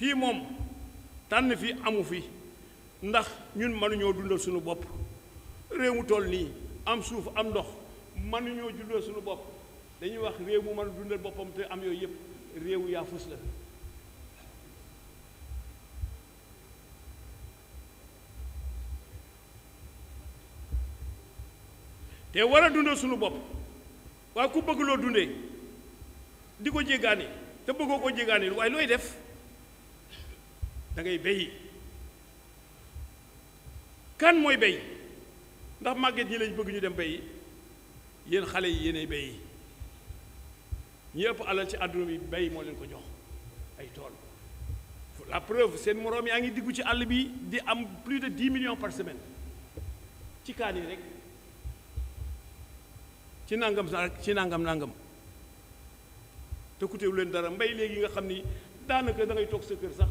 fii moom tànn fii amu fi ndax ñun mënuñoo dundal suñu bopp réew mu toll nii am suuf am ndox mënuñoo dundal suñu bopp dañuy wax réew mu mën a dundal boppam te am yooyu yëpp réewu yaa fus la te war a dundal suñu bopp waaye ku bëgg loo dundee di ko jéggaani te bëggoo ko jéggaani waaye looy def da ngay béy kan mooy béy ndax màgget ñi lañ bëgg ñu dem béyi yéen xale yi yéenay béyi ñi ëpp alal ci àdduna bi béy moo leen ko jox ay tool la preuve seen morom yaa ngi diggu ci àll bi di am plus de dix million par semaine ci kaan yi rek ci nangam ci nangam nangam te kutewu leen dara mbay léegi nga xam ni daanaka dangay ngay toog sa kër sax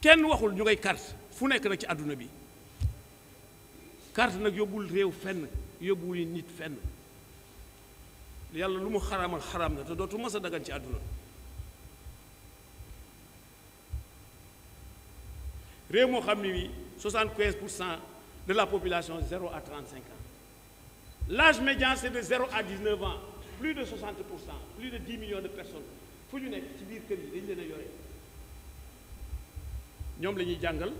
kenn waxul ñu ngay carte fu nekk nag ci àdduna bi carte nag yóbbul réew fenn yóbbuwul nit fenn yàlla lu mu xaraamal xaraam na te dootu mas a dagan ci àdduna réew moo xam 75 pour cent de la population 0 à 35 ans l'âge médian c'est de 0 à 19 ans plus de 60 plus de 10 millions de personnes fu ñu nekk ci biir kër yi leen ñom lañuy jangal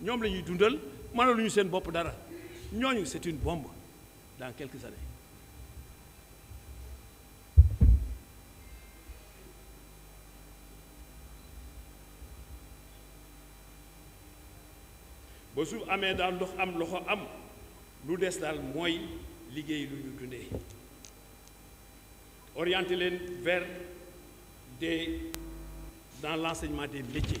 ñom lañuy dundal manaluñu seen bop dara ñooñu c'est une bombe dans quelques années ba amee daal am loxo am lu vers des dans l'enseignement des métiers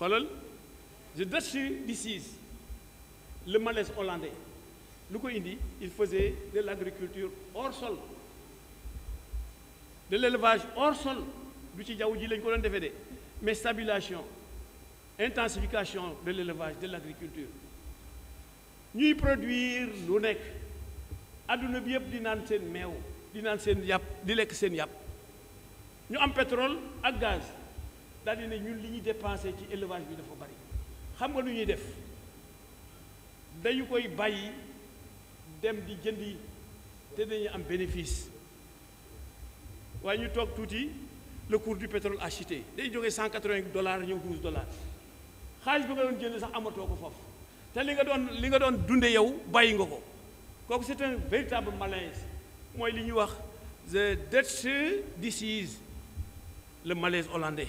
Je je dessus d'ici le malaise hollandais indi il faisait de l'agriculture hors sol de l'élevage hors sol mais stabilisation intensification de l'élevage de l'agriculture Nous produire lu nek, Nous bi yëpp di di pétrole gaz daal di ne ñun li ñuy dépensé ci élevage bi dafa bari xam nga lu ñuy def dañu koy bàyyi dem di jëndi te dañu am bénéfice waaye ñu toog tuuti le cours du pétrole a chuté day jógee 180 dollars ñëw 12 dollars xaalis bi nga doon jënd sax amatoo ko foofu te li nga doon li nga doon dunde yow bàyyi nga ko kooku c'est un véritable malaise mooy li ñuy wax the Dutch disease le malaise hollandais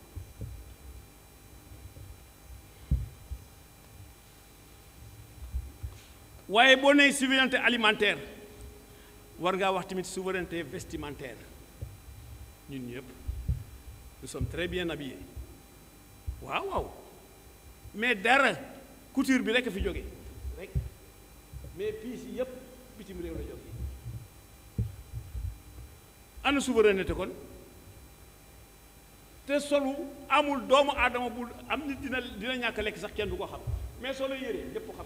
waye boo nee souveraineté alimentaire war nga wax tamit souveraineté vestimentaire ñun ñep nous sommes très bien habillés waaw waaw mais dara couture bi rek fi joggé rek mais piis yep yëpp bitim rew la joggé ana souveraineté kon té solo amul doomu adama bu am nit dina dina ñàkk lekk sax kenn du ko xam mais solo yére ñëpp xam.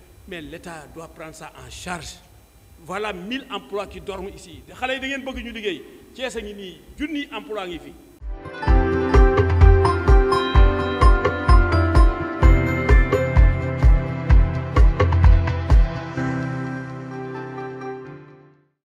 mais l'État doit prendre ça en charge voilà 1000 emplois qui dorment ici xale yi da ngeen bëgg ñu liggéey Thiès a ngi nii junni emploi ngi fi